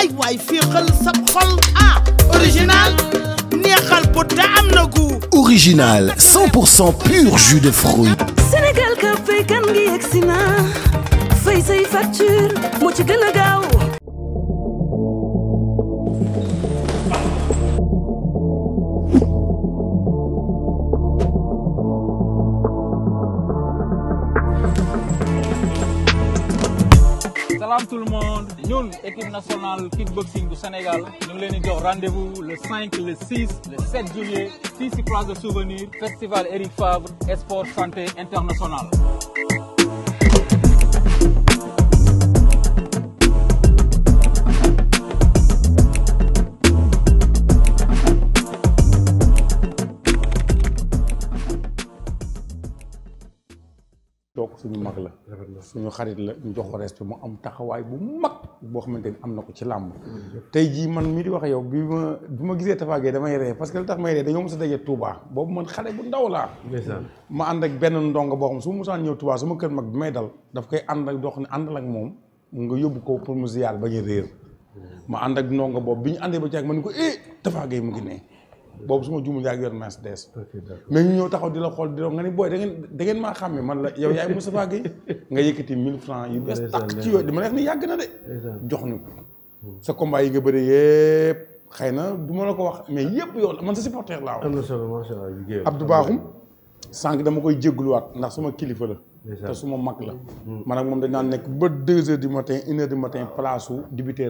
ay waay féexal sa xol ah original neexal bu te am na gu original 100% pur jus de fruits Sénégal ka fay kan gi yegsi na fay say facture moo ci gën a gaaw salaam tout le monde ñun équipe nationale kickboxing bu Sénégal ñu ngi leen di jox rendez-vous le 5 le 6 le 7 juillet fii ci place de souvenir festival Eric Favre sport santé international suñu xarit la ñu jox ko respect mu am taxawaay bu mag boo xamante ni am na ko ci làmb tey jii man mi di wax yow bi ma bi ma gisee Tapha Gueye damay ree parce que li tax may ree dañoo mos a daje Touba boobu man xale bu ndaw laa ma ànd ak benn ndongo boo xam su ma ñëw Touba su ma kër mag bi may dal daf koy ànd ak doo xam ne àndal ak moom nga yóbbu ko pour mu ziyaar bañ a réer ma ànd ak ndongo boobu bi ñu àndee ba jàkk man ko eh Tapha Gueye mu ngi ne boobu su ma juumul yaa ngi yor Mercedes mais ñu ñëw taxaw di la xool di la nga ni booy da ngeen da ngeen maa xàmme man la yow yaay Moustapha Gueye nga yëkkati mille francs yi bees tàq ci yooyu dama ñu hmm. sa combat yi nga bëri xëy na du ma la ko wax mais yëpp yow la man sa supporter laa wax Abdou Bakhoum sànq dama koy jégguluwaat ndax suma kilifa la te su ma mag la. Mm. man ak moom dañ naan nekk ba deux heures du matin une heure du matin place su débuté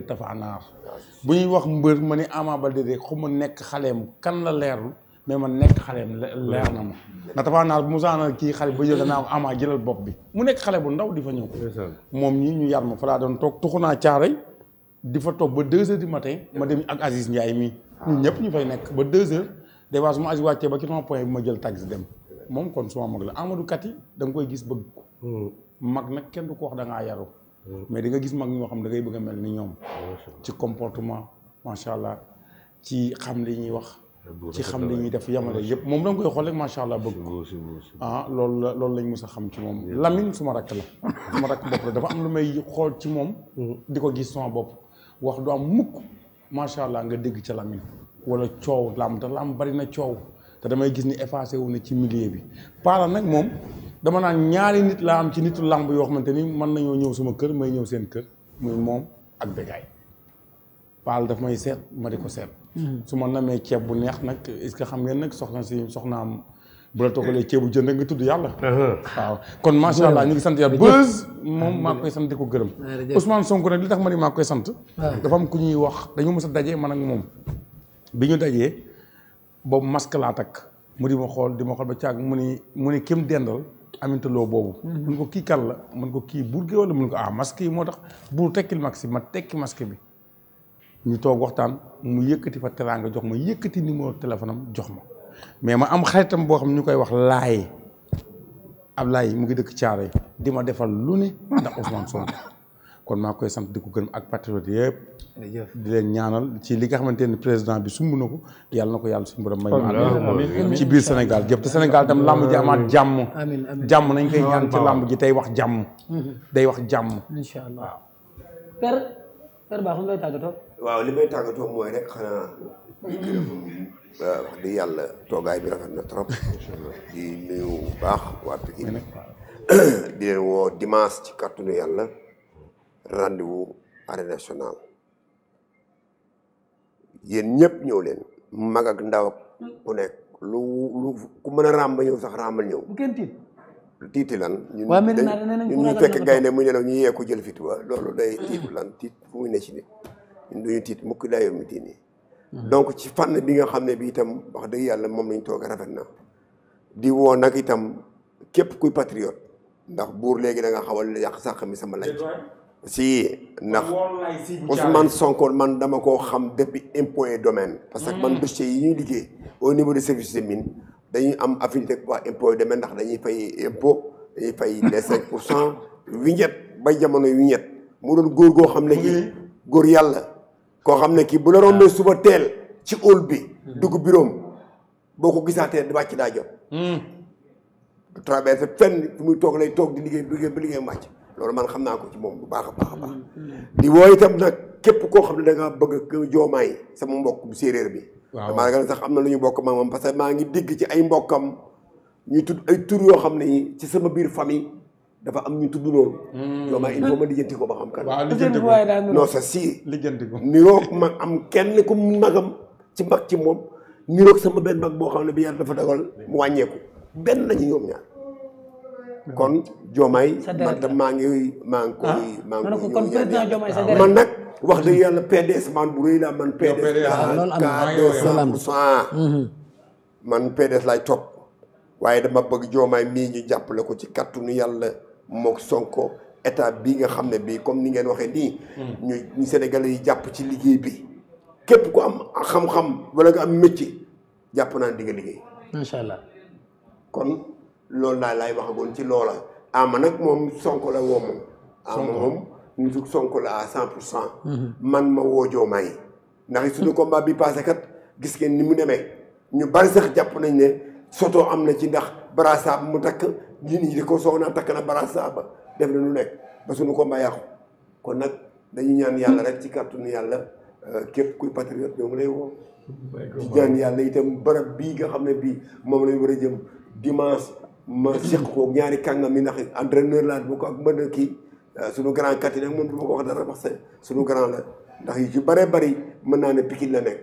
bu ñuy wax mbër ma ni Ama Baldé de xaw ma nekk xaleem kan la leerul mais man nekk xaleem leer na ma. ndax Tapha Nar bu mu saanal kii xale ba yëg naa Ama jëlal bopp bi mu nekk xale bu ndaw di fa ñëw. moom ñi ñu yar ma fa doon toog tuxu naa caaray di fa toog ba deux heures du matin ma dem ak Aziz Ndiaye mii. ñun ñëpp ñu fay nekk ba deux heures des fois su ma Aziz wàccee ba ci sama point bi ma jël taxi dem. moom kon suma mag la Amadou Kati da nga koy gis bëgg ko. Hmm. mag nag kenn du ko wax dangaa ngaa yaru hmm. mais di nga gis mag ñoo xam da ngay bëgg a mel ni ñoom. ci comportement macha allah ci xam li ñuy wax. ci xam li ñuy def yamale yëpp moom da nga koy xool rek macha allah bëgg ko. ah loolu la loolu lañ mës a xam ci moom Lamine suma rakk la. suma rakk bopp la dafa am lu may xool ci moom. Hmm. di ko gis sama bopp wax du am mukk macha allah nga dégg ca Lamine. wala coow lam te lam bari na coow. te damay gis ni effacé wu ci milieu bi Paala nag moom dama naan ñaari nit laa am ci nitu làmb yoo xamante ni mën nañoo ñëw suma kër may ñëw seen kër muy moom ak Bécaye Paala daf may seet ma di ko seet. Mm-hmm. su ma namee ceeb bu neex nag est-ce que xam ngeen nag soxna si soxnaam bu la toggalee ceebu jën rek nga tudd yàlla. Uh-huh. waaw kon macha allah ñu ngi sant yàlla bës moom maa koy sant di ko gërëm. Ousmane Sonko nag li tax ma ni maa koy sant. dafa am ku ñuy wax dañu mës a daje man ak moom bi ñu dajee. boobu masque laa takk mu di ma xool di ma xool ba caag mu ni mu ni kim dendal aminte loo boobu mhm. mun ko kii kan la mun ko kii buur gi wala mun ko ah masque yi moo tax buur tekkil masque ma tekki masque bi ñu toog waxtaan mu yëkkati fa teraanga jox ma yëkkati numéro téléphone jox ma mais ma am xaritam boo xam ñu koy wax laaye Ablaye mu ngi dëkk caaro yi di ma defal lu ne ndax Ousmane Sonko kon maa koy sant di ko gërëm ak patriote yëpp di leen ñaanal ci li nga xamante ne président bi sumb na ko yàlla na ko yàlla suñu borom may ma ci biir Sénégal gépp te Sénégal tam làmb ji amaat jàmm jàmm nañ koy ñaan ci làmb ji tey wax jàmm mm-hmm. day wax jàmm incha allah per per baax tàggatoo waaw li yàlla toogaay bi rafet na trop di nuyu baax waa Pikine di leen woo dimanche ci kàttanu yàlla rendez-vous yéen ñëpp ñëw leen mag ak ndaw ak ku nekk lu lu ku mën a ràmb ñëw sax ràmbal ñëw. bu kenn tiiti lan. waaw ñu fekk gaynde mu ne ñu yee ko jël fit wa loolu day tiitu lan tiit fu muy ne ci nit ñun duñu tiit mukk daa yomb tiit nii. Hmm. donc ci fànn bi nga xam ne bi itam wax dëgg yàlla moom lañ toog rafet na. di woo nag itam képp kuy patriote ndax buur léegi da nga xawal yàq sàq mi sama laaj. si ndax Ousmane Sonko man dama koo xam depuis impôt et domaine. parce que man mm. dossier yi ñuy liggéey au niveau de service des mines dañuy am affinité ak waa impo et domaine ndax dañuy fay impôt dañuy fay les cinq pour cent vignette ba jamono vignette mu doon góor goo xam ne kii góor yàlla koo xam ne kii bu la rombee ah. suba teel ci óol bi mm. dugg biroom boo ko gisaatee wàcc daa jot mm. traversé fenn fi muy toog lay toog di liggéey liggéey ba liggéey wàcc loolu man xam naa ko ci moom bu baax a baax a baax mm, mm. di woo tam nag képp koo xam ne da nga bëgg joomaay sama mbokk bu séeréer bi damaa ragal sax am na lu ñu bokk ma moom parce que maa ngi dégg ci ay mbokkam ñu tudd ay tur yoo xam ne yi ci sama biir famille dafa am ñu tudd loolu joomaay mm. il moom ma lijjanti ko ba xam kan non sa si lijjanti ko niroog ma am kenn ku magam ci mag ci moom niroog sama benn mag boo xam ne bi yàlla dafa dagal mu wàññeeku benn lañu ñoom ñaar kon Diomaye man tam maa ngi maa ngi koy ah. maa ngi koy ah. man nag wax dëgg yàlla PDS man bu rëy laa man PDS laa ka mm-hmm. man PDS laay topp waaye dama bëgg Diomaye mii ñu jàppale ko ci kàttanu yàlla mook Sonko état bii nga xam ne bii comme ni ngeen waxee nii mm. ñu ñu yi jàpp ci liggéey bi képp ku am xam-xam wala nga am métier jàpp naa di nga liggéey loolu daal laay waxagoon ci loola ama nag moom Sonko la woo moom ama moom nitu Sonko la à cent pour cent mhm. man ma woo Diomaye ndax suñu combat bi passé kat gis ngeen ni mu demee ñu bari sax jàpp nañ ne soto am na ci ndax braça mu takk ñi nii di ko soxnaa takk na braça ba def na lu nekk ba suñu combat yàqu kon nag dañu ñaan yàlla rek ci kàttanu yàlla euh, képp kuy patriote ñoo ngi lay woo di ñaan yàlla itam barab bii nga xam ne bii moom lañ war a jëm dimanche ma seq ko ñaari kàngam yi ndax entraîneur laa bu ko ak mën a kii euh, suñu grand kat yi nag moom du ma ko wax dara parce que suñu grand la ndax yu ci bëree bëri mën naa ne Pikine la nekk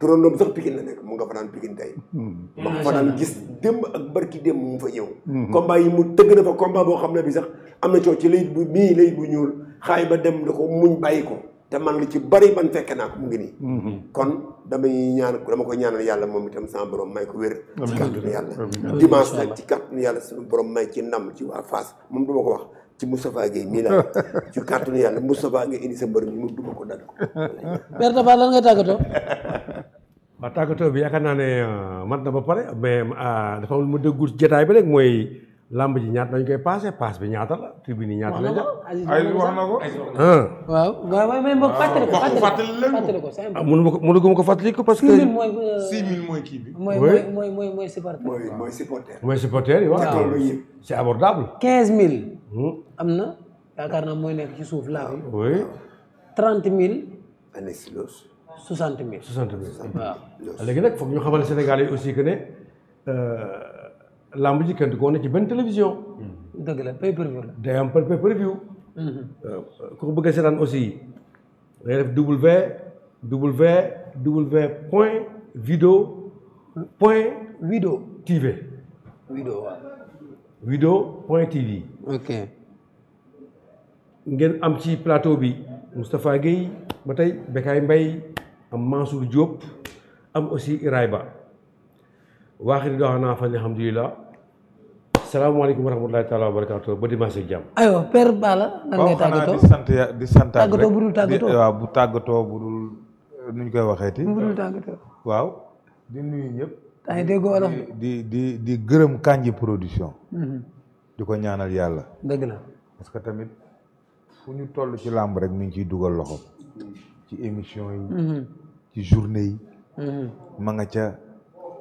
turandoom sax Pikine la nekk mu nga fa daan Pikine tey mm-hmm. ma ko fa daan gis démb ak barki démb mu fa ñëw mm-hmm. combat yi mu tëgg na fa combat boo xam ne bi sax am na coow ci layit bu mii layit bu ñuul xaay ba dem da ko muñ bàyyi ko te man li ci bari man fekke naa ko mu ngi nii. Mm-hmm. kon damay ñaan dama ko ñaanal yàlla moom itam sama borom may ko wér. ci kàttanu yàlla. dimanche nag ci kàttanu yàlla suñu borom may ci ndam ci waa Fass moom du ko wax. ci Moustapha Gueye mii la ci kàttanu yàlla Moustapha Gueye indi sa mbër mi mu duma ko dal ko. Père Tapha lan ngay tàggatoo. bi yaakaar naa ne uh, mat na ba pare mais uh, dafa am lu ma déggul jotaay ba léegi mooy. làmb ji ñaata dañ koy paase paas bi ñaata la tribune yi ñaata la ja ay wax na ko waaw ko fàttali ko ah, mënu ko mënu ko fàttali parce que euh, mooy kii bi mooy mooy mooy mooy supporter mooy supporter mooy supporter yi abordable quinze mille hmm? am na yaakaar naa mooy nekk ci suuf laa bi trente mille soixante mille soixante mille waaw léegi aussi que euh, lamb ji kenn du ko wane ci benn télévision. Hmm. dëgg la pay day am par pay per view. Hmm. Euh, ko bëgg a seetaan aussi day def w w w point vidéo point. vidéo TV. vidéo waaw. ngeen am ci plateau bi Moustapha Guèye ba tey Bekaay Mbaye am Mansour Diop am aussi ba waaxir doxanaa fa alhamdulilah salaamaaleykum wa rahmatulahi taala wa barakaatu ba dimanche ak jàmm. aywa Père Balla lan ngay tàggatoo di sant di sant bu tàggatoo budul nu ñu koy waxeeti. budul tàggatoo waaw di nuyu ñëpp. di di di gërëm Kandji production. Mm-hmm. di ko ñaanal yàlla. dëgg la parce que tamit fu ñu toll ci làmb rek mi ngi ciy dugal loxo ci émission yi. Mm-hmm. ci journée yi. Mm-hmm. ma nga ca.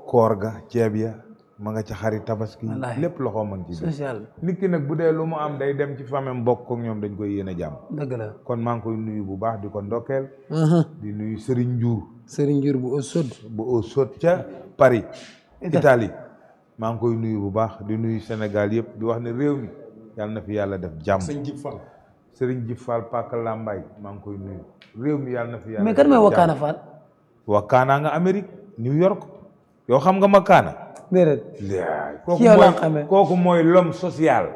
koor ga ceeb ya ma nga ca xari tabaski lépp loxo ma ngi ci social nit ki nag bu dee lu mu am day dem ci famem bokk ak ñoom dañ koy yéene jàmm dëgg la kon maa ngi koy nuyu bu baax di ko ndokkeel uh-huh. di nuyu Serigne Ndiour Serigne Ndiour bu Osod bu Osod ca Paris Italie maa ngi koy nuyu bu baax di nuyu Sénégal yëpp di wax ne réew mi yàlla na fi yàlla def jàmm Serigne Djib Fall Serigne Djib Fall Paka Lambaye maa ngi koy nuyu réew mi yàlla na fi yàlla mais kan mooy Wakana Fall Wakana nga Amérique New York yow xam nga Makana. déedéet kooku mooy lom social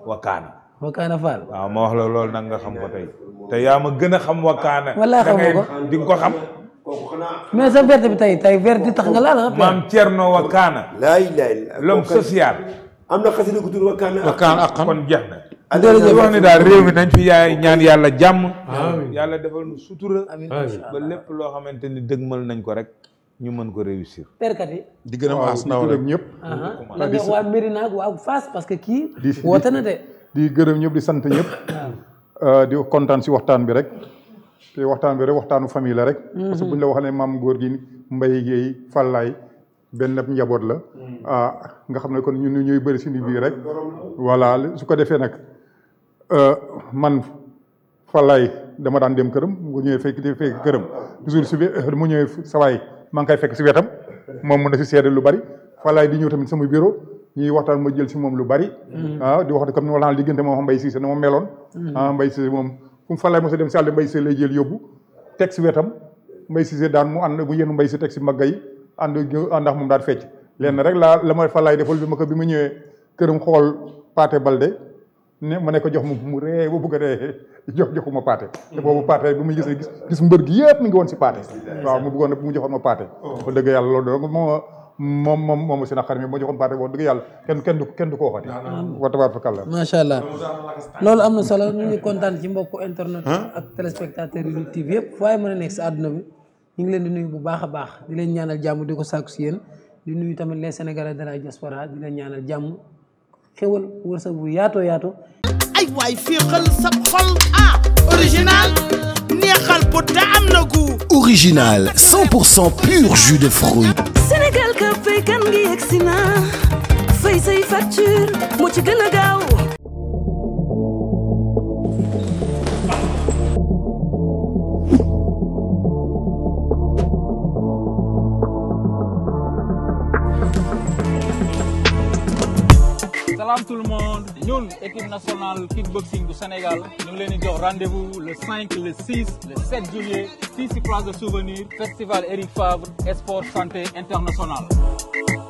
Wakana. Wakana Fall. waaw ma wax la loolu nag nga xam ko tey te yaa ma gën a xam Wakana. kaana xamu ko di nga ko xam. mais tey tey verte tax nga laal la. maam Thierno Wakana. laay laay l'homme social. am na xasida ku tudd Wakana. kon jeex na. jërëjëf wax ni daal réew mi nañ fi yaay ñaan yàlla jàmm. yàlla defal nu sutura. ba lépp loo xamante ni dëgmal nañ ko rek. ñu mën ko réussir. perkat yi. di gën a rek ñëpp. Ah, ah. na que kii. woote na de. di gërëm ñëpp di sant ñëpp. Ah. Euh, di kontaan si waxtaan bi rek. te waxtaan bi rek waxtaanu famille la rek. Mm-hmm. parce que bu ñu la waxee ne maam góor gi mbay Guèye Fallaye benn njaboot la. Mm-hmm. nga xam ne kon ñun ñuy bëri suñu bii rek. voilà su ko defee nag euh, man Fallaye dama daan dem këram mu ñëwee fekk fekk këram toujours su mu ñëwee sawaay maa ngi koy fekk si wetam moom mën na si seede lu bari falaay di ñëw tamit sama bureau ñuy waxtaan ma jël si moom lu bari. Mm-hmm. Ah, di wax comme ni ma la waxee diggante moom Mbaye Cissé na ma meloon. Mm-hmm. ah Mbaye Cissé moom fu mu falaay mos a dem si àll Mbaye Cissé lay jël yóbbu teg si wetam Mbaye Cissé daan mu ànd mu yéen mbay si teg si magga yi ànd ànd ak moom daan fecc lenn rek laa la ma falaay defal bi ma ko bi ma ñëwee këram xool Pathé Baldé ne ma ne ko jox ma mu ree ba bëgg a ree jox joxuma paate mm-hmm. te boobu paate bi muy gis gis gis mbër gi yëpp mi ngi woon si paate waaw mu bëggoon mu joxoon oh. moom moom moom moom si naqar mi moo joxoon paate wax dëgg yàlla kenn kenn du ko waxati wa tabaar fakal allah loolu am na solo ñu ngi kontaan ci mbokku internet ak téléspectateurs yi Lutte TV yëpp waaye mën a nekk si àdduna bi ñu ngi leen di nuyu bu baax a baax di leen ñaanal jàmm di ko sàkku si yéen di nuyu tamit les sénégalais de la diaspora di leen ñaanal jàmm xéwal wërsëg bu yaatoo yaatu ay waay fii xal sab xol ah original neexal bu te na gu original pur jus de fruits Sénégal ka fay kan ngi yegsi na fay say facture moo ci gën a gaaw équipe nationale kickboxing du Sénégal ñu ngi leen di jox rendez-vous le 5 le 6 le 7 juillet fii ci place de souvenir festival Eric Favre sport santé international